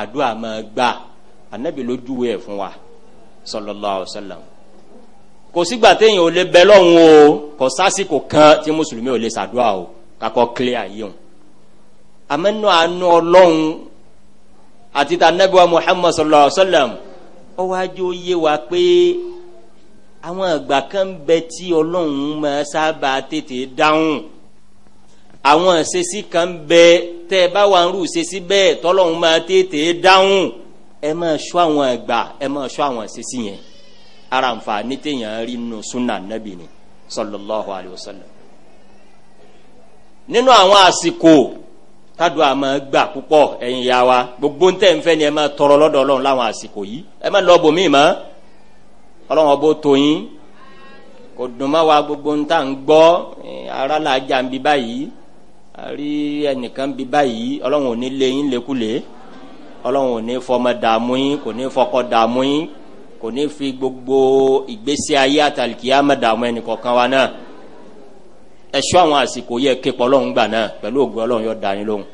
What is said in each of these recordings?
àdúrà máa gbà anabi ló júwe fún wa sallallahu alaihi wasallam kò sígbà téèyàn ò lè bẹ lọ́hùn o kò sásìkò kan tí mùsùlùmí ò lè ṣàdúrà o kakọ clear yìí o amẹnu anu Ọlọ́run àti ta anabi wa muhammad sallallahu alaihi wasallam ó wá jẹ́ ó yé wa pé àwọn àgbà kan bẹ tí Ọlọ́run máa sábà tètè dáhùn àwọn ìṣesí kan bẹ tẹ ẹ bá wà ń rú ìṣesí bẹ́ẹ̀ tọ́lọ́hún máa tètè dáhùn ẹ máa ṣọ́ àwọn ẹ̀gbà ẹ máa ṣọ́ àwọn ìṣesí yẹn ara nfààní téèyàn rí nù súnà nàbì ni sallallahu alayhi wa sallam nínú àwọn àsìkò tádùn àmọ́ gbà púpọ̀ ẹ̀yin ya wa gbogbo ń tẹ̀ ń fẹ́ ni ẹ máa tọrọ lọ́dọ̀ ọlọ́run láwọn àsìkò yìí ẹ máa lọ bòmíì mọ́ ọlọ́run ọbọ̀ tóyin kò dùn wa gbogbo ń tà ń gbọ́ ara làjà ń bí báyìí àrí ẹnìkan bí báyìí ọlọ́run ò ní lé yín lékulè ọlọ́run ò ní fọmọ dààmú yín kò ní fọkọ dààmú yín kò ní fi gbogbo ìgbésí ayé àtàlìkìyàmọ̀ dààmú ẹnìkọ̀ọ̀kan wa náà ẹṣọ àwọn àsìkò yẹ képọ̀ ọlọ́run gbà náà pẹ̀lú ògùn ọlọ́run yóò dání lóhùn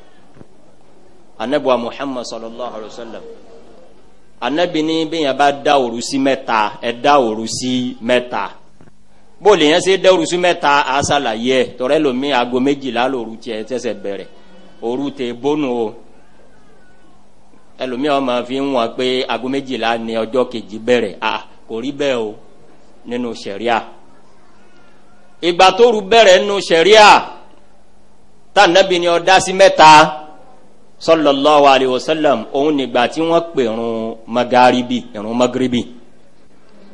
anabiwa muhammad sallallahu alayhi wa sallam anabi ni bẹ́ẹ̀ yẹn bá dá òru sí mẹ́ta ẹ̀ dá bó lè yẹn ṣe dẹrùsù mẹ́ta àṣàlàyé ẹ̀ tọ́rẹ́ lomi aago méjìlá lóru tiẹ̀ tẹ́sẹ̀ bẹ̀rẹ̀ òru tẹ bónú o ẹlòmíà ọmọ fi ń wọn pé aago méjìlá ni ọjọ́ kejì bẹ̀rẹ̀ a kò rí bẹ́ẹ̀ o nínú sẹ̀ríà ìgbà tóru bẹ̀rẹ̀ nínú sẹ̀ríà tànàbí ni ọdá sí mẹ́ta sọlọ́lọ́ wa aleyhi wa òun nígbà tí wọ́n pè rún magaribi rún magaribi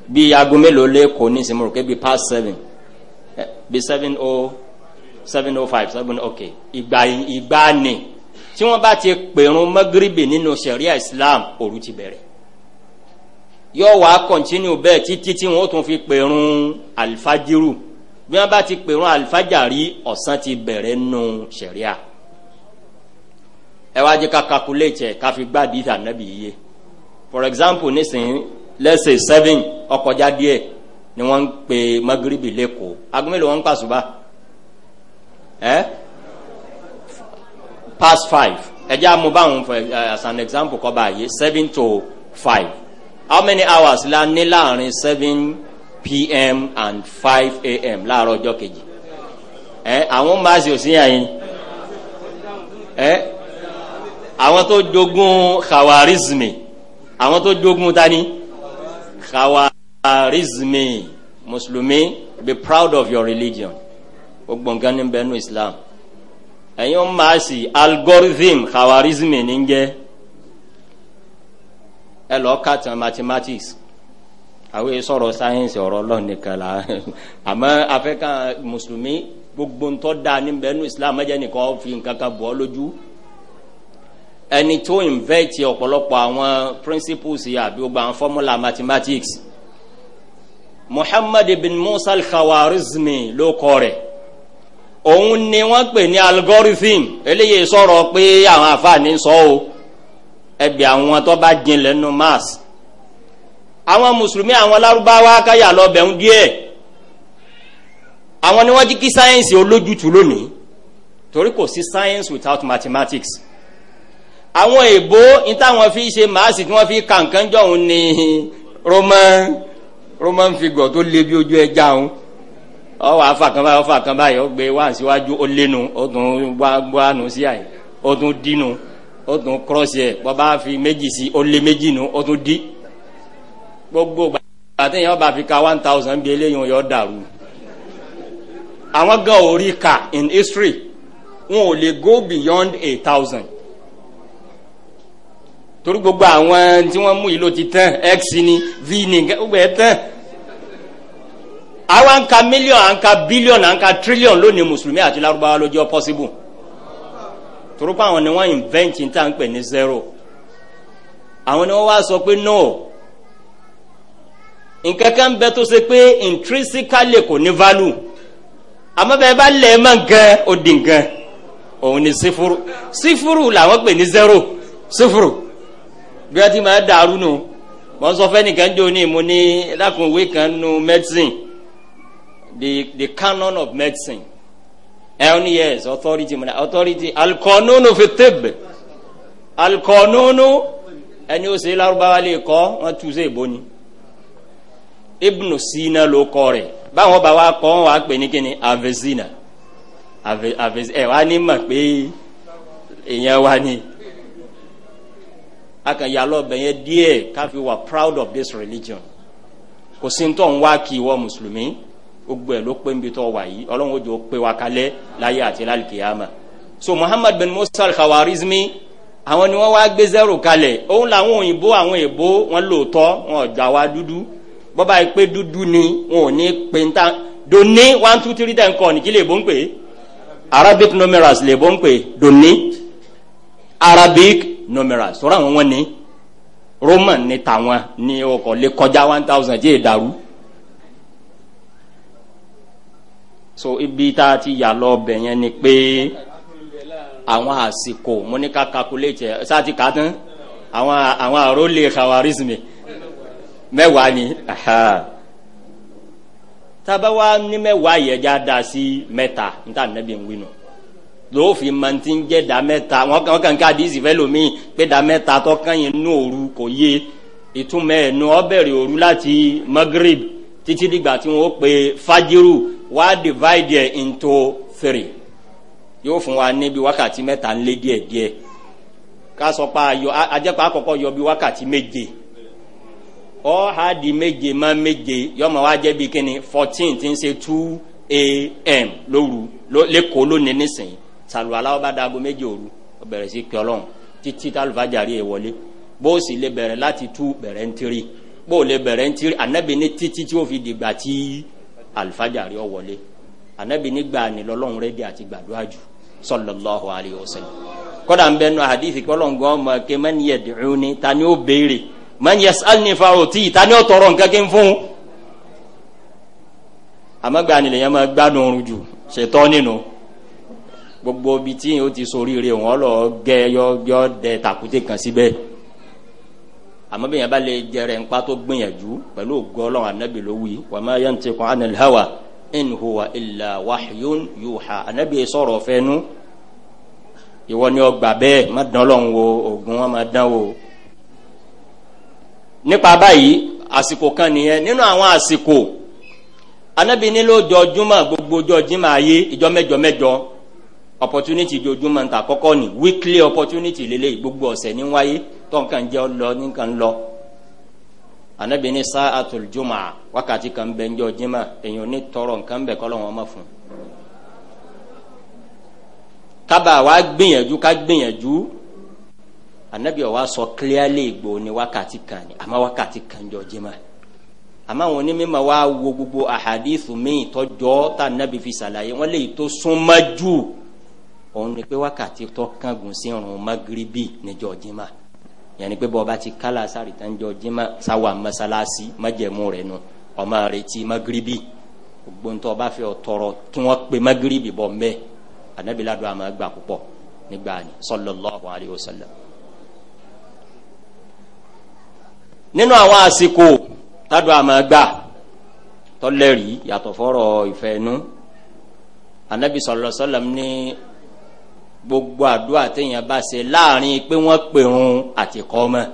bi aago mélòó lé kò ní sinmi rògbé bí past seven bi seven o seven o five seven ok ìgbà ìgbà ni tí wọ́n bá ti pèrún mọ́gíríbì nínú sẹ̀ríà islam òru ti bẹ̀rẹ̀ yóò wá kọ̀ntínú bẹ́ẹ̀ títí tí wọ́n tún fi pèrún alifajiru bí wọ́n bá ti pèrún alifajari ọ̀sán ti bẹ̀rẹ̀ nù sẹ̀ríà ẹ wá jẹ́ ká kakuléètì ẹ̀ ká fi gbádìí tànàbí yìí for example nísìnyí let's say seven ọkọjá díẹ̀ ni wọ́n ń pe magrebi lẹ́kọ̀ọ́ aago mélòó wọ́n ń pàṣùbà ẹ́ past five ẹ̀jẹ̀ amúbáwọn for as an example kọ́ báyìí seven to five how many hours la ní láàrin seven pm and five am láàárọ̀ ọjọ́ kejì ẹ àwọn máàsì ò sí yàyín ẹ àwọn tó jogun khawarizmi àwọn tó jogun tani. Kawarizmi, mùsùlùmí be proud of your religion gbogbo nǹkan ní bẹ́ẹ̀ islam ẹ̀yin ó máa sì algorithm kawarizmi ní jẹ́ ẹ lọ́ọ́ kàtàn mathematics àwọn yìí sọ̀rọ̀ sáyẹ́nsì ọ̀rọ̀ ọlọ́run nìkan la àmọ́ afẹ́kàn mùsùlùmí gbogbo ń tọ́ da ní bẹ́ẹ̀ nu islam ẹ̀jẹ̀ nìkan fi nǹkan kan lójú ẹni tó invẹ́tì ọ̀pọ̀lọpọ̀ àwọn principles yìí àbí gbogbo àwọn mathematics muhammad bin musa al-khawarizmi ló kọ rẹ̀ òun ni wọ́n pè ní algorithm eléyìí sọ̀rọ̀ pé àwọn àfààní sọ o ẹgbẹ́ àwọn tó bá jinlẹ̀ nù mass àwọn mùsùlùmí àwọn lárúbáwá káyà lọ́bẹ̀ ń díẹ̀ àwọn ni wọ́n jí kí sáyẹ́nsì olójútu lónìí torí kò sí science without mathematics àwọn èbó nítawọn fi ṣe màásì tí wọ́n fi kà nǹkan jọ̀hún ni roman roman figure tó le bí ojú ẹja òun ọwọ afakan báyìí ọfakan báyìí ó gbé wá síwájú ó lénu ó tún gbánu sí àyè ó tún dínu ó tún kírọ́ọ̀sì ẹ̀ bọ́bá fi méjì sí ó lé méjì nu ó tún dí gbogbo àtẹ̀yìn ọba fi ka one thousand bí eléyìí yọ dàrú àwọn gan ò rí ka in history wọn ò lè go beyond a thousand torí gbogbo àwọn tí wọ́n mú yìí ló ti tán x ni v ni gbogbo ẹ̀ tán àwa ń ka mílíọ̀n à ń ka bílíọ̀n à ń ka tírílíọ̀n lónìí mùsùlùmí àti lárúbáwá lójó possible torí pé àwọn ni wọ́n invent ní tá à ní zero àwọn ni wọ́n wá sọ pé no nǹkan kan bẹ tó ṣe pé intrinsically kò ní value àmọ́ bẹ́ẹ̀ bá lẹ̀ mọ́ gan ó di gan òun ni sífúrú sífúrú làwọn pè ní zero sífúrú. bí wọ́n ti máa dàrú nù mọ̀ n sọ fẹ́ nìkan jò ní mo ní lákùnwé kan nu medicine the the canon of medicine ẹ̀hún yes authority mo ní authority alikọ́nùnù fi tèbè alikọ́nùnù ẹni ó ṣe lárúbáwá lè kọ́ wọ́n tu ṣe ìbò ni sina ló kọ́ rẹ̀ báwọn bá wa kọ́ wọn wàá pè ní kíni avezina ẹ wàá ní mọ̀ pé èèyàn wa ni akànyà lọ́bẹ̀ yẹn díẹ̀ káfí wà proud of this religion kò sí ntọ́ ń wá kí ìwọ mùsùlùmí gbogbo ẹ̀ ló pé ń bi tọ́ wà yìí ọlọ́run ojú ó pé wa kalẹ̀ láyé àti lálùkìyàmà so muhammad bin musa al-khawarizmi àwọn ni wọ́n wá gbé zero kalẹ̀ òun làwọn òyìnbó àwọn èèbó wọn lóòótọ́ wọn ọ̀jà wa dúdú bọ́ba yìí pé dúdú ni wọn ò ní pé ń ta doni one two three ten kọ́ ni kí lè bó ń pè arabic numerals lè bó ń pè doni arabic nọmẹra sọ̀rọ̀ àwọn wọn ni roman ni tàwọn ni ọkọ̀ lè kọjá one thousand jẹ́ ìdàrú. so ibi tá a ti yà lọ bẹ̀ yẹn ni pé àwọn àsìkò mo ní ká calculate àwọn àwọn àrólé khawarizmi mẹ́wàá ni tábà wa ní mẹ́wàá yẹn já da sí mẹ́ta níta nàbí ń wí No ló fi mọ̀ntí ń jẹ́ da mẹ́ta wọ́n kàn kàn ká àdìsí fẹ́ lómi pé da mẹ́ta tó kàn yín nú òru kò yé ìtumọ̀ ẹ̀ nu ọbẹ̀rẹ̀ òru láti magrib títí dìgbà tí wọ́n pe fajiru wá divide into three yóò fún wa níbi wákàtí mẹ́ta ń lé díẹ̀ díẹ̀ ká sọ pa ayọ ajẹ́pá àkọ́kọ́ yọ bí wákàtí méje ọ ha di méje má méje yọmọ wa jẹ́ bí kíni fourteen ti ń ṣe two a.m. lóru lẹ́kọ̀ọ́ lónìí nísìnyí sàlùwàlà ọba dago méje òru ó bẹ̀rẹ̀ sí pẹ́ ọlọ́run títí tálùfájàrí ẹ̀ wọlé bó o sì lè bẹ̀rẹ̀ láti tú bẹ̀rẹ̀ ń tiri bó o lè bẹ̀rẹ̀ ń tiri anabi ní títí tí ó fi dìgbà tí alùfájàrí ọ wọlé anabi ní gbà ní lọ́lọ́run rẹ́dí àti gbàdúrà jù sallallahu alayhi wa sallam kódà ń bẹ nu hadithi kọlọ́ngàn ọmọ kẹ mẹ́ni yẹ dùn ní ta ni ó béèrè mẹ́ni yẹ sálni fa òtí ta ni ó tọrọ nǹkan kí n fún un àmọ́ gbà ní lèyàn máa gbádùn ṣètọ́ nínú. No gbogbo bi tí yìí ó ti sori rè wọn lọ gẹ yọ yọ dẹ takute kan síbẹ̀ àmọ́ bẹ́ẹ̀ yẹn bá lè jẹrẹ ńpa tó gbìyànjú pẹ̀lú ògọ́lọ́ anabi ló wí yẹn ti kàn ánil hawa in huwa illa wahyun yuha anabi sọ̀rọ̀ fẹ́nu ìwọ ni ọgbà bẹ́ẹ̀ má dán lọ́n wo oògùn wọn má dán wo. nípa báyìí àsìkò kan nìyẹn nínú àwọn àsìkò anabi nílò jọjúmọ́ gbogbo jọjúmọ́ ayé ìjọ mẹ́jọ mẹ́jọ. mẹ́jọ opportunity jojúmọ́ ń ta kọ́kọ́ ni weekly opportunity lélẹ́yìí gbogbo ọ̀sẹ̀ ní wáyé tọ́ǹkan jẹ́ lọ nìkan lọ anabi ni sa'atul juma wákàtí kan bẹ njọ jima èyàn ní tọrọ nǹkan bẹ kọlọ wọn ma fún kaba wa gbìyànjú ká gbìyànjú anabi wa sọ clearly gbò ní wákàtí kan ni àmọ́ wákàtí kan njọ jima àmọ́ àwọn onímọ̀ wa wo gbogbo ahadithu mi tọjọ́ tá anabi fi sàlàyé wọn lè tó súnmọ́ jù òun ni pé wákàtí tó kángun sí irun magiribi níjọ jimá yẹnni pé bọba ti kálá sáré tán jọ jimá sáwà mọ́sálásí májẹ̀mú rẹ̀ nu ọmọ rẹ̀ ti magiribi gbogbo ntọ́ ọba fẹ́ kí wọ́n pe magiribi bọ̀ mbẹ́ anabiladu àmọ́ gbà púpọ̀ nígbà ni sallallahu alayhi wa sallam. nínú àwọn àsìkò tádùn àmọ́ gbà tọ́lẹ̀rì yàtọ̀ fọ́rọ̀ ìfẹ́ nu anabi sallallahu alayhi sallam ní gbogbo àdúrà téèyàn bá ṣe láàrin pé wọ́n pèrun àti kọ́mọ́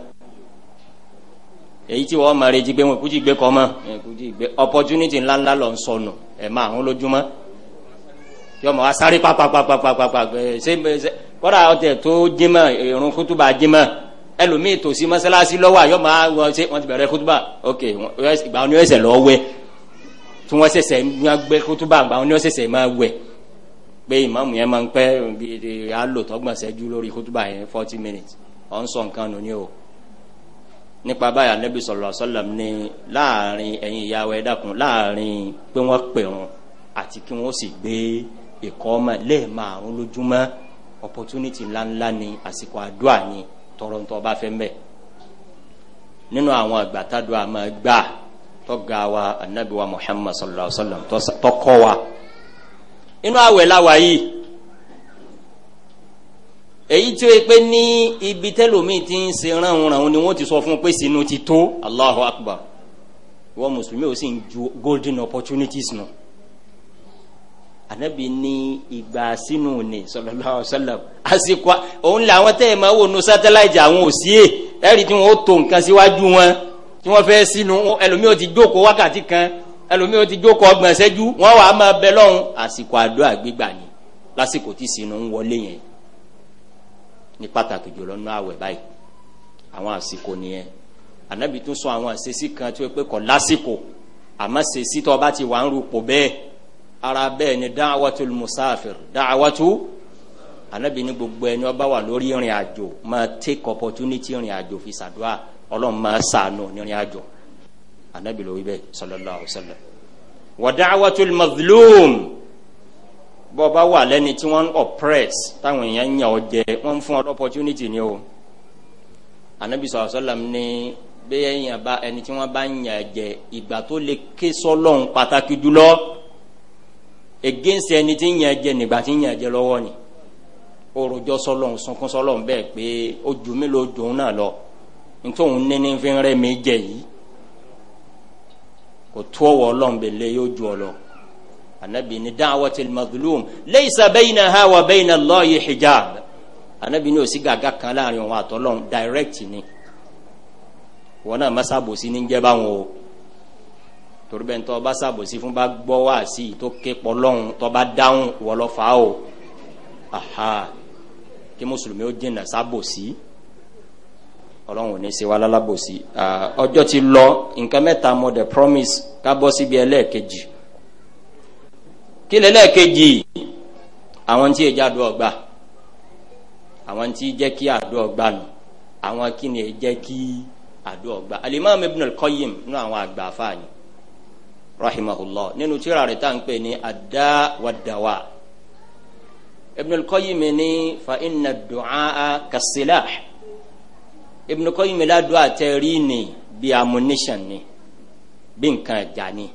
èyí tí wọ́n máa retí pé wọ́n kú ti gbé kọ́mọ́ kú ti gbé opportunity ńláńlá lọ ń sọnù ẹ̀ máa ń lójúmọ́ yọmọ wa sáré papapapapapa ṣe ṣe kọ́ra ọ̀tẹ̀ tó jímọ̀ irun kútùbà jímọ̀ ẹlòmíì tòsí mọ́sálásí lọ́wọ́ àyọ̀mọ àwọn ṣe wọ́n ti bẹ̀rẹ̀ kútùbà ok ìgbà wọn ni wọ́n ṣẹ̀ṣẹ̀ lọ́ọ́ tí wọ́n ṣẹ̀ṣẹ̀ gbé kútùbà ìgbà wọn ni wọ́n ṣẹ̀ṣẹ̀ máa wẹ̀ pé ìmáàmù yẹn máa ń pẹ́ bíi alòtọ́gbọ̀n ṣẹ́jú lórí kútúbà yẹn forty minutes ọ̀ ń sọ nǹkan nù ní o nípa báyà nẹ́bí sọ̀rọ̀ sọ́lọ̀ ní láàrin ẹ̀yìn ìyàwó ẹ̀dàkùn láàrin pé wọ́n pẹ̀rùn àti kí wọ́n sì gbé ẹ̀kọ́ ọmọ lẹ́ẹ̀márùn lójúmọ́ opportunity ńláńlá ni àsìkò àdúrà ni tọrọ ń tọ́ bá fẹ́ mbẹ́ nínú àwọn àgbàtàdúrà máa gbà tọ́ga wa anabi wa muhammad sọ̀rọ̀ sọ́lọ̀ tọ́kọ́ wa inú àwẹ̀ láwa yìí èyí tí ó yẹ pé ní ibi tẹlómìn ti ń ṣe ránhùn ránhùn ni wọ́n ti sọ fún un pé sínú ti tó Allahu Akbar wọ́n mùsùlùmí ò sì ń ju golden opportunities nù anabi ní ìgbà sínú ni sallallahu alaihi wasallam àsìkò òun làwọn tẹ́ ẹ̀ máa wò nu sátáláìtì àwọn òsíè ẹ̀rí tí wọ́n ó tó nǹkan síwájú wọn tí wọ́n fẹ́ sínú ẹlòmíì ó ti jókòó wákàtí kan ẹlòmí o ti jókòó ọgbọ̀n ṣẹ́jú wọ́n wàá máa bẹ lọ́hùn àsìkò àdó àgbégbà ni lásìkò tí sinú ń wọlé yẹn ní pàtàkì jùlọ nínú àwẹ̀ báyìí àwọn àsìkò nìyẹn ànábì tún sọ àwọn àṣesí kan tó pé kọ lásìkò àmọ́ ṣèṣì tó bá ti wà ń rúpò bẹ́ẹ̀ ara bẹ́ẹ̀ ni dáhàwátú musafir dáhàwátú ànábì ní gbogbo ẹni ọba wà lórí ìrìn àjò máa take opportunity ìrìn àjò fi ṣàdúrà ọlọ́run máa ṣàánú ìrìn àjò anabi ló sallallahu alaihi wa sallam wa da'watul mazlum bọba wà lẹ́ni tí wọ́n oppress táwọn èèyàn ń yàn ọ jẹ wọ́n fún ọ opportunity ni o anabi sallallahu alayhi wa sallam ní bẹ́ẹ̀ yẹn bá ẹni tí wọ́n bá ń yàn jẹ ìgbà tó lè ké sọ́lọ́hún pàtàkì jùlọ against ẹni tí ń yàn jẹ nígbà tí ń yàn jẹ lọ́wọ́ ni orujọ sọlọ́hún sunkún sọlọ́hún bẹ́ẹ̀ pé ojú mi dùn náà lọ nítorí òun ní fi ń rẹ́ mi jẹ yìí kò tó ọwọ́ ọlọ́run bẹ̀ lé yóò ju ọ lọ anabi ni da'watil mazlum laysa baynaha wa bayna Allahi hijab anabi ni o si gàgà kan láàrin òun àtọ́lọ́run direct ni wọn náà má ṣàbòsí ní jẹ́ báwọn o torí bẹ́ẹ̀ tó fún bá gbọ́ wá sí i tó ké pọlọ́hún tó dáhùn wọ́lọ́fà o aha kí mùsùlùmí ó jìnnà ṣàbòsí. Si ọlọ́run ò ní ṣe wá lálábòsí ọjọ́ ti lọ nǹkan mẹ́ta mo the promise ká bọ́ síbi ẹlẹ́ẹ̀kejì kí lẹ́lẹ́ẹ̀kejì àwọn tí èjì àdó ọgbà àwọn tí jẹ́ kí àdó ọgbà nù àwọn kí ni jẹ́ kí àdó ọgbà alimami ibn al-qayyim nínú àwọn àgbà afáàní rahimahullah nínú tíra rẹ̀ tá à ń pè ní adá ibn al-qayyim ní fa inna du'a kasilah. Ibn Qayyim al-Jawziyya àtẹ̀rí ni bí ammunition ni bí nǹkan ẹ̀já ni.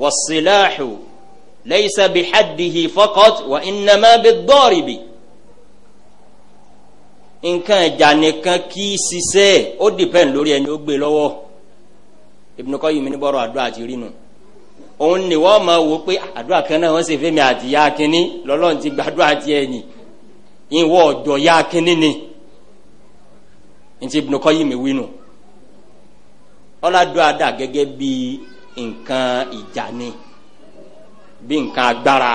was-silahu laysa bihaddihi faqat wa innama bid-daribi nǹkan ẹ̀já nìkan kì í ṣiṣẹ́ ó dìpẹ́ǹ lórí ẹni ó gbé lọ́wọ́ Ibn Qayyim ní bọ́rọ̀ àdúrà ti rí nu òun ni wọ́n máa wò pé ah, àdúrà kan náà wọ́n sì fẹ́ mi àti ya kínní lọ́lọ́run ti gbàdúrà tiẹ̀ yìí ìwọ ọ̀dọ̀ ya kínní ni ntí Ibn Qayyim wínú ọlọ́dọ̀ àdá gẹ́gẹ́ bí nǹkan ìjà ni bí nǹkan agbára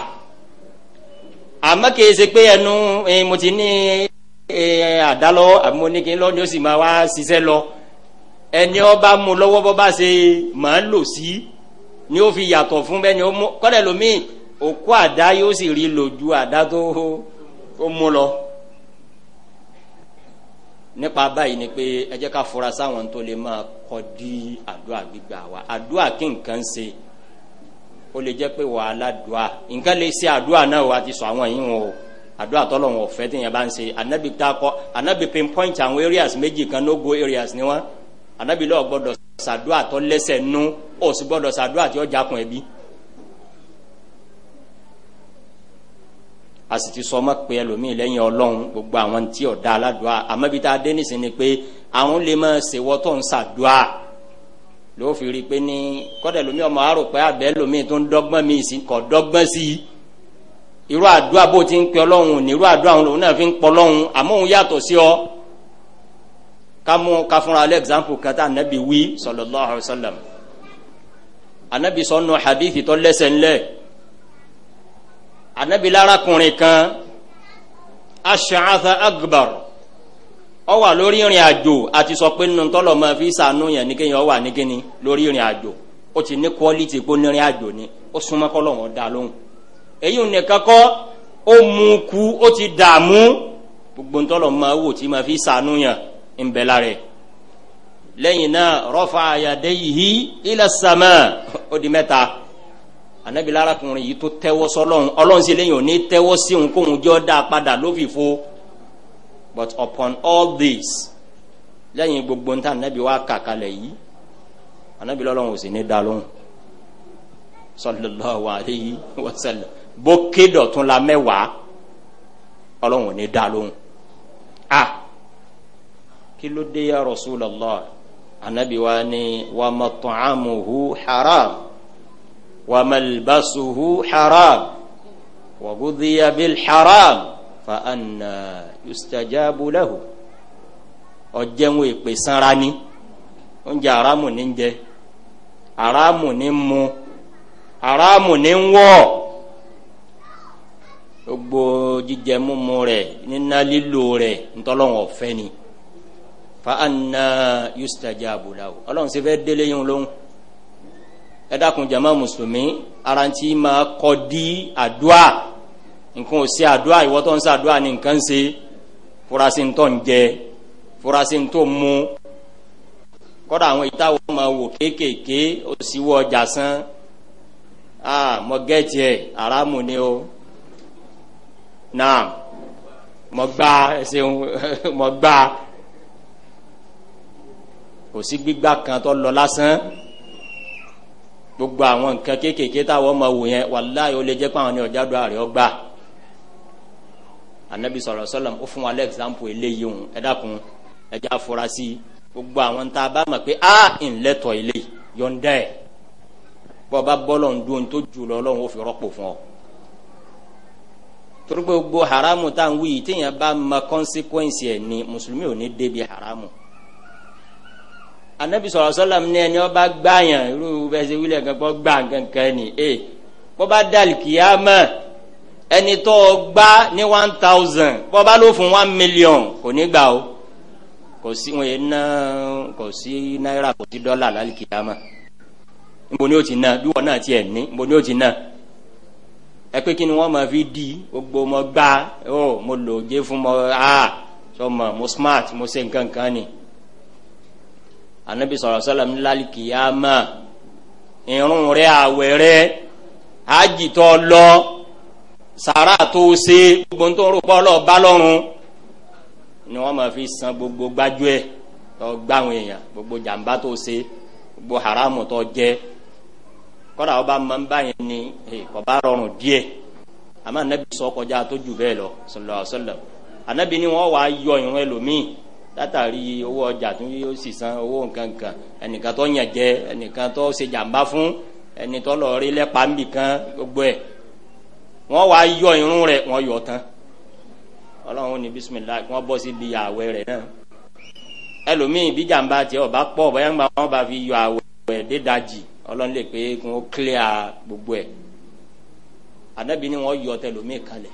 àmọ́ kìí ṣe pé ẹnu mo ti ní àdálọ́ àmúnikin lọ́ni ó sì máa wá ṣiṣẹ́ lọ ẹni ọba mu lọ́wọ́ bọ́ bá ṣe máa ń lò sí ni ó fi yàtọ̀ fún bẹ́ẹ̀ ni ó mú kọ́lẹ̀ lómi òkú àdá yóò sì rí lò ju àdá tó mú lọ nípa báyìí ni pé ẹ jẹ́ ká fura sáwọn tó lè máa kọ́ di àdúrà gbígbà wa àdúrà kí nǹkan ṣe ó lè jẹ́ pé wàhálà dùà nǹkan lè ṣe àdúrà náà wà á ti sọ àwọn yìí wọn àdúrà tọ́lọ̀ wọn ọ̀fẹ́ tí yẹn bá ń ṣe anabi ta kọ anabi pinpoint àwọn areas méjì kan no go areas ni wọn anabi lọ́ọ̀ gbọ́dọ̀ ṣàdúrà tọ́ lẹ́sẹ̀ nú ó sì gbọ́dọ̀ ṣàdúrà tí ó jákun ẹbí. E a sì ti sọmọ pé ẹlòmíì lẹ́yìn ọlọ́run gbogbo àwọn tí ọ̀dà aládùá àmọ́ bí tá a dé nísìn ni pé àwọn lè máa ṣèwọ́ tó ń ṣàdùá ló fi rí i pé ní kọ́dà ẹlòmíì ọmọ àárò pé àbẹ́ ẹlòmíì tó ń dọ́gbọ́n mi sí kọ́ dọ́gbọ́n sí i irú àdúrà bó ti ń pè ọlọ́run ní irú àdúrà òun fi ń pọ ọlọ́run àmọ́ sí ọ ká mú ká fúnra lé anabi wí sallallahu alaihi wasallam anabi sọnù hadithi tó lẹ́sẹ̀ ńlẹ̀ anabilara kùnrin kan aṣááta akbar ó wà lórí ìrìn àjò àti sọ pé nínú tọ́lọ̀ máa fi sànú yẹn ní kéèyàn wà ní kíni lórí ìrìn àjò ó ti ní kọ́lítì pé nírìn àjò ni ó súnmọ́ kọ́lọ̀ wọn dá lóhùn èyí nìkan kọ́ ó mú ku ó ti dààmú gbogbo ntọ́lọ̀ máa wò tí máa fi sànú yẹn ń bẹ lára lẹ́yìn náà rọ́fà àyàdé yìí ila sama ó di mẹ́ta anabi lárakùnrin yìí tó tẹ́wọ́ sọlọ́run ọlọ́run sì lẹ́yìn òní tẹ́wọ́ sí òun kóun jọ dá a padà ló but upon all this lẹ́yìn gbogbo ntá anabi wa kàkalẹ̀ yìí anabi lọ́lọ́run ò sì ní dá lóhùn sallallahu alayhi wa sallam bó ké dọ̀tún la mẹ́wàá ọlọ́run ò ní dá lóhùn ah kí ló dé ya rasulallah anabi wa ni wa mat'amuhu haram. وملبسه حرام وغذي بالحرام فأنا يستجاب له ọjẹun ìpè sanra ni oúnjẹ aráàmù ní ń jẹ aráàmù ní ń mu aráàmù ní ń wọ gbogbo jíjẹ mímu rẹ nínà lílo rẹ ntọ́lọ́wọ̀n ọ̀fẹ́ ni fa anna yustajabu lahu ọlọ́run sì fẹ́ délé yín lóhùn ẹ dákun jama mùsùlùmí ara ti máa kọ́ di àdúà nǹkan ò sí àdúà ìwọ tó ń ṣe àdúà ní nǹkan ṣe furasi ń tọ́ ń jẹ furasi ń tó mu kọ́dà àwọn ìtawọ́ máa wò kéékèèké ó sì wọ ọjà san aa mọ gẹ́ẹ̀tì ẹ̀ aramu ni o naam mọ gbá ẹsẹ̀ mọ gbá kò sí kan tó lọ lásán gbogbo àwọn nǹkan kéékèèké táwọn ọmọ wò yẹn wàláyé ó lè jẹ́ pé àwọn ní ọjà dùn àrẹ ọgbà anabi sọlọ sọlọm ó fún wa lẹ eléyìí òun ẹ dákun afurasí gbogbo àwọn tá a bá mọ̀ pé a ńlẹ́tọ̀ ilé yọ̀ǹda ẹ̀ bọ́ bá bọ́lọ̀ ń dún tó jù lọ lọ́wọ́ fi rọ́pò fún ọ. torí gbogbo haramu tá à ń wí yìí téèyàn bá mọ̀ consequence ẹ̀ ni mùsùlùmí ò ní débi haramu anabi sọ̀rọ̀ sọ́làm ní ẹni ọba gbàyàn irú bẹ́sẹ̀ wílẹ̀ kankan gbà kankan ni e bọ́ba dàlì kìyàmà ẹni tó gbá ní one thousand bọ́ba ló fún one million kò ní gbà o kò sí wọn yẹn ná kò sí náírà kò sí dọ́là lálì kìyàmà nbọ ni o ti na bí wọn náà tiẹ̀ ní nbọ ni o ti na ẹ pé kí ni wọn máa fi di gbogbo mọ gbá ọ oh, mo lò ó jẹ fún mọ a ah, sọ ma mo smart mo ṣe nǹkan ni anabi sọ̀rọ̀ sọ́lọ́m lálìkìyàmà irun rẹ̀ àwẹ̀ rẹ̀ hajj tó lọ sàrà tó ṣe gbogbo tó ń rò pọ́ lọ bá lọ́rùn ni wọ́n máa fi san gbogbo gbájú ẹ̀ tó gbá àwọn èèyàn gbogbo jàǹbá tó ṣe gbogbo haramu tó jẹ kọ́dà ọba máa ń báyẹn ni kò bá rọrùn díẹ̀ àmọ́ anabi sọ kọjá tó jù bẹ́ẹ̀ lọ sọlọ́ọ̀ sọlọ́ọ̀ anabi ni wọ́n wàá yọ ìrún ẹlòmíì látàrí owó ọjà tó yóò sì san owó nkankan ẹnìkan tó yàn jẹ ẹnìkan tó ṣe jàmbá fún ẹnìtọ́ lọ rí lẹ́pàá nbì kan gbogbo ẹ̀ wọ́n wá yọ irun rẹ̀ wọ́n yọ tán ọlọ́run ní bisimilayi wọ́n bọ́ sí ibi àwẹ̀ rẹ̀ náà ẹlòmíì bí jàmbá tiẹ̀ ọba pọ̀ bóyá ńgbà wọn bá fi yọ àwẹ̀ dédajì ọlọ́run lè pé kí wọ́n gbogbo ẹ̀ àdàbí ni wọ́n yọ tẹlòmíì kalẹ̀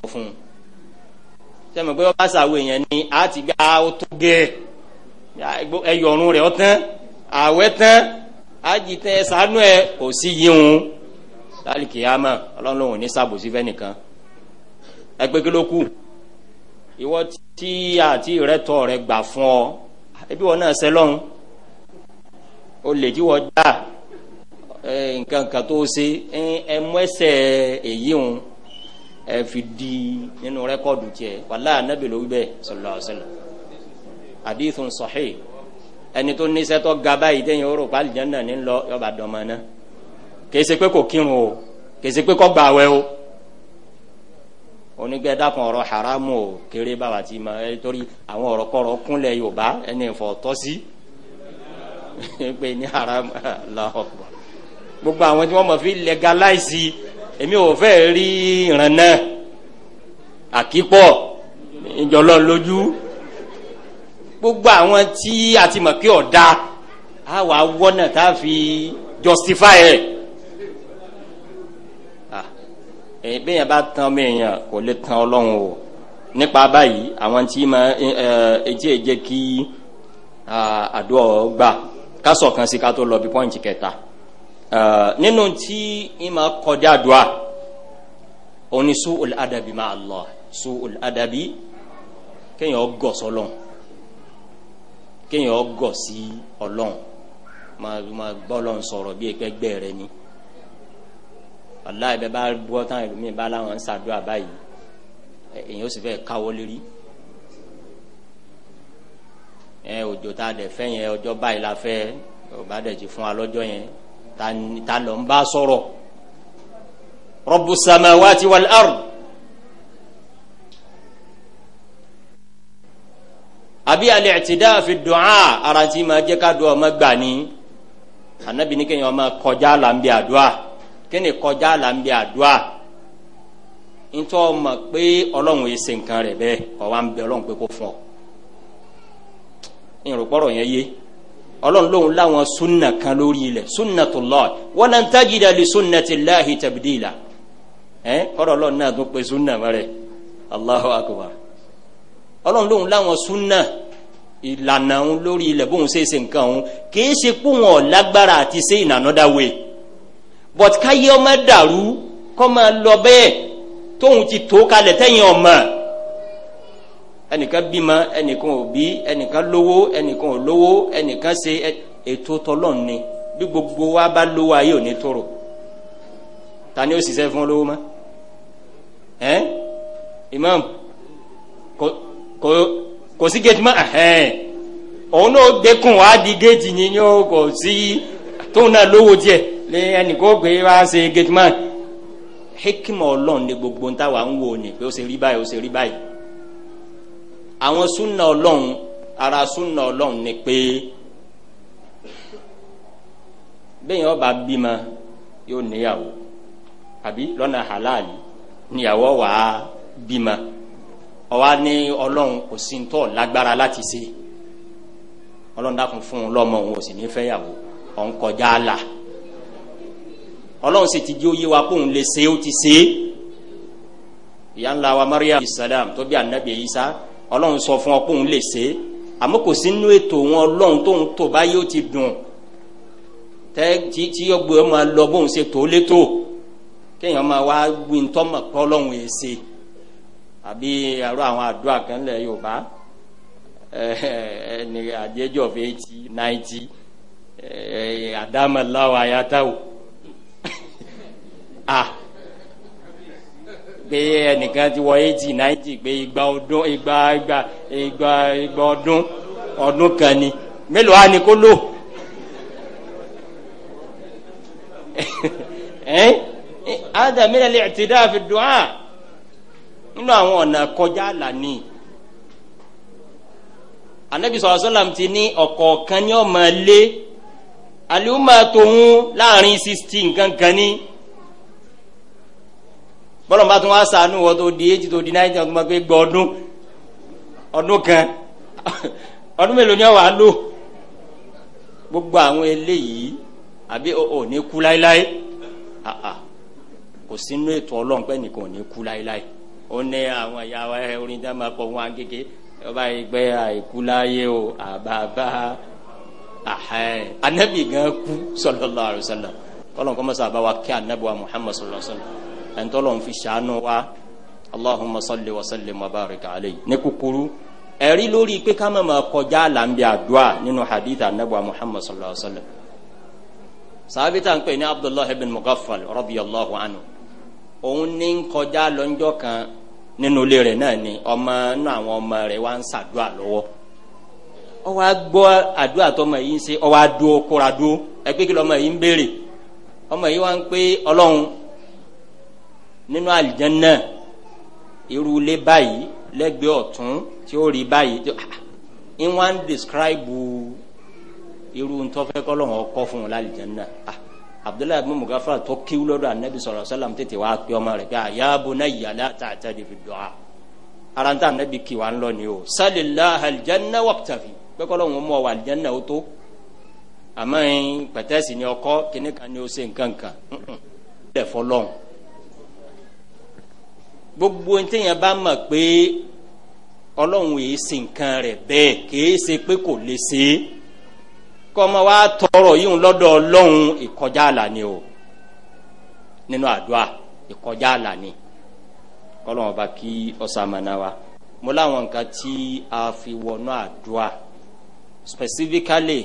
tó fún un sẹ́mi pé ọba ṣàwọ̀ èèyàn ni a ti gbá ó tó gẹ́ e. ẹyọ ọ̀run rẹ̀ ọ̀tán àwẹ̀ tán ájì tẹ sànú ẹ kò sí yíhun láìkì yàmà ọlọ́run lòun ní sàbòsí fẹ́nìkan ẹ pé kí ló kù ìwọ tí àti ìrẹ́tọ̀ rẹ gbà fún ọ ebi wọn náà ṣe lọ́hùn o lè tí wọ́n dá nǹkan kan tó ṣe ẹ mú ẹsẹ̀ èyí hùn ẹ fi di nínú rẹ́kọ̀dù tiẹ̀ wàlá anabi ló wí bẹ́ẹ̀ sọlá ọ̀sẹ̀lá àdìsùn sọ̀hí ẹni tó ní sẹ́tọ́ ga báyìí tẹ́yìn orò pálí jẹ́nà ní lọ yọba dọ̀mọ náà kì í ṣe pé kò kírun o kì í ṣe pé kò gbà wẹ́ o onígbẹ́ dákun ọ̀rọ̀ haramu o kéré báwa ti ma ẹ torí àwọn ọ̀rọ̀ kọ̀rọ̀ kúnlẹ̀ yorùbá ẹni ìfọ̀ tọ́sí pé ní haramu lọ́kọ̀ gbogbo àwọn tí wọ́n mọ̀ fi legalize èmi ò fẹ́ rí ìran náà àkípọ̀ ìjọlọ́ lójú gbogbo àwọn tí a ti mọ̀ pé ọ̀dà á wàá wọ́nà tá a fi justify ẹ̀ bẹ́ẹ̀ bá tán mẹ́yìn kò lè tán ọlọ́run o nípa báyìí àwọn tí ma etí èjẹ kí àdúrà gbà ká sọ̀kan sí ká tó lọ bí pọ́ǹtì kẹta. Eh, nínú tí ń máa kọjá dùá òní su'ul adabi ma Allah su'ul adabi kéèyàn gọ̀ sọlọ́n kéèyàn gọ̀ sí ọlọ́n máa gbọ́ lọ́n sọ̀rọ̀ bí ẹgbẹ́ rẹ ni aláì bẹ bá gbọ́ tán ẹlòmíì bá láwọn ń ṣàdúrà báyìí èyàn ó sì fẹ́ káwọ́ lérí ẹ òjò tá a dẹ̀ fẹ́ yẹn ọjọ́ báyìí la fẹ́ ọba dẹ̀ ti fún wa lọ́jọ́ ta lọ ń bá sọ̀rọ̀ rọ́bù samawati wal ard àbí al-i'tida fi du'a ara tí ma jẹ́ ká dùn ọmọ gbà ní anabi ní kéèyàn máa kọjá là ń bí àdúrà kéèyàn kọjá là ń bí àdúrà ntọ́ mọ̀ pé ọlọ́run yìí ṣe nǹkan rẹ̀ bẹ́ẹ̀ kọ́ wa ń bẹ ọlọ́run pé kó fún ọ ìrùpọ̀rọ̀ yẹn yé ọlọ́run lóhun láwọn sunna kan lórí ilẹ̀ sunnatullah walan tajida li sunnatillahi tabdila ẹ kọ́rọ̀ ọlọ́run náà tún pe sunna mẹ́rẹ̀ Allahu akbar ọlọ́run lóhun láwọn sunna ìlànà òun lórí ilẹ̀ bóun ṣe é ṣe nǹkan òun kìí ṣe pé wọn lágbára àti ṣe in another way but káyé ọmọ dàrú kọ́ máa lọ bẹ́ẹ̀ tóun ti tó kalẹ̀ tẹ́yìn ọmọ ẹnìkan bímọ ẹnìkan ò bí ẹnìkan lówó ẹnìkan ò lówó ẹnìkan ṣe ètò tọlọ́n ni bí gbogbo wa bá lówó ayé ò ní tóró ta ni ó sì ṣe fún lówó mọ́ ẹ imam kò kò kò sí géètì mọ́ òun náà gbẹkùn wá di géètì yìí ni ó kò sí tóun náà lówó díẹ̀ lé ẹnìkan gbé wá ṣe géètì mọ́ hekima Ọlọ́run ni gbogbo ń táwa ń wò ni pé ó ṣe rí báyìí ó ṣe rí báyìí àwọn súnà ọlọ́run ara súnà ọlọ́run ni pé bẹ́ẹ̀ ọba bímọ yóò níyàwó àbí lọ́nà halali níyàwó wà á bímọ ọwọ́ ní ọlọ́run kò sí ntọ́ lágbára láti ṣe ọlọ́run dákun fún un lọ́mọ òun ò sì ní fẹ́ yàwó òun kọjá la ọlọ́run sì ti di oyé wa kó òun lè ṣe ó ti ṣe ìyá ńlá wa Maryam isalam tó anabi isa ọlọ́run sọ fún ọ pé òun lè ṣe é àmọ́ kò sí nínú ètò wọn ọlọ́run tóun tó báyìí ó ti dùn tẹ́ tí tí ọgbẹ́ ọ máa lọ bóun ṣe tó létò kéèyàn máa wá gbin tọ́mọ̀ pé ọlọ́run yìí ṣe àbí àrò àwọn àdúrà kan lẹ̀ yorùbá ẹni àdéjọ́ of eighty ninety àdámọ̀ láwọn ayátáwò ah pé ẹnìkan ti wọ eighty ninety pé igba ọdún igba igba igba igba ọdún ọdún kan ni mélòó á ní kó lò ẹ́n ádàmílẹ̀ lè ti dáa fi dùn án nínú àwọn ọ̀nà kọjá lànà anabi sọ̀rọ̀ sọ́làm ti ní ọ̀kọ̀ọ̀kan ní ọmọ ilé aliuma tòun láàrin sixteen gangan ní. bọ́lọ̀ bá tún wá sànú wọ́n tó di eighty tó di ninety ọdún máa gbé gbọ́ ọdún ọdún kan ọdún mélòó ni lò gbogbo àwọn eléyìí àbí ò ní kú láéláé kò sínú ètò ọlọ́run nìkan ò ní kú láéláé ó ní àwọn wa orin dá máa pọ̀ ọba ìgbẹ́ àìkú láyé o àbàbà anabi gan kú sọlọ́lá àrùsọ̀lá kọ́lọ́n kọ́mọ́sá àbáwá kí anabi wa muhammad ẹ̀ńtọ́lọ̀ ń fi ṣàánú wa allahumma salli wa sallim wa barika alayhi ní kúkúrú ẹ̀rí lórí pé ká má máa kọjá làǹbì àdúrà nínú hadith anabuwa muhammad sallallahu alayhi wa sallam sàbítà ń pè ní abdullahi bin mughaffal radiyallahu anhu òun ní ń kọjá lọ́njọ́ kan nínú ilé rẹ̀ náà ni ọmọ inú àwọn ọmọ rẹ̀ wá ń ṣàdúrà lọ́wọ́ ó wá gbọ́ àdúrà tọmọ yìí ń ṣe ó wá dúó kóra dúó ẹgbẹ́ kí lọmọ yìí ń béèrè ọmọ yìí wá ń pé ọlọ́run nínú àlìjánná irú ilé báyìí lẹ́gbẹ̀ẹ́ ọ̀tún tí ó rí báyìí tí ń ah, ah. wá ń describe irú ntọ́fẹ́ kọ́lọ́hún ọkọ fún un lálìjánná ah, abdullahi abu mugafa tó kíw lọ́dọ̀ anabi sọ̀rọ̀ sálàm tètè wá pé ọmọ rẹ̀ pé àyàbò náà yàrá tààtà lè fi dùn á ara ń tà anabi kí wa ń lọ ni o sálìlá àlìjánná wàkùtàfi pé kọ́lọ́hún mọ̀ wà àlìjánná ó tó àmọ́ pẹ̀tẹ́sì ni ọkọ kíníkan ni ó ṣe nǹkan kan ń lẹ̀ gbogbo ntẹ̀yìn bá mọ̀ pé ọlọ́run yìí sin nǹkan rẹ̀ bẹ́ẹ̀ kìí ṣe pé kò lè ṣe é wa tọrọ yìí ń lọ́dọ̀ ọlọ́run ìkọjá o nínú àdúrà ìkọjá àlà ni ọba kí ọ̀sàmánà wa mo láwọn nǹkan tí a fi wọnú àdúrà specifically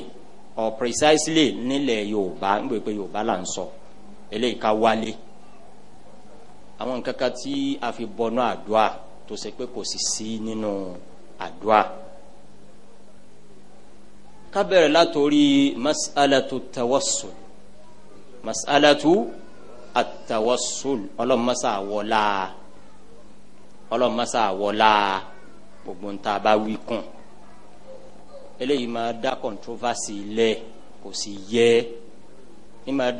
or precisely nílẹ̀ yorùbá ń pé yorùbá là ń sọ eléyìí àwọn nǹkan kan tí a fi bọnú àdúà tó ṣe pé kò sì sí nínú àdúà. ká bẹ̀rẹ̀ látòrí masalatu tawassul masalatu atawassul ọlọ́mọsá àwọlá ọlọ́mọsá àwọlá gbogbo ń ta bá wí kùn eléyìí máa dá controversy lẹ̀ kò sì yẹ ní máa dá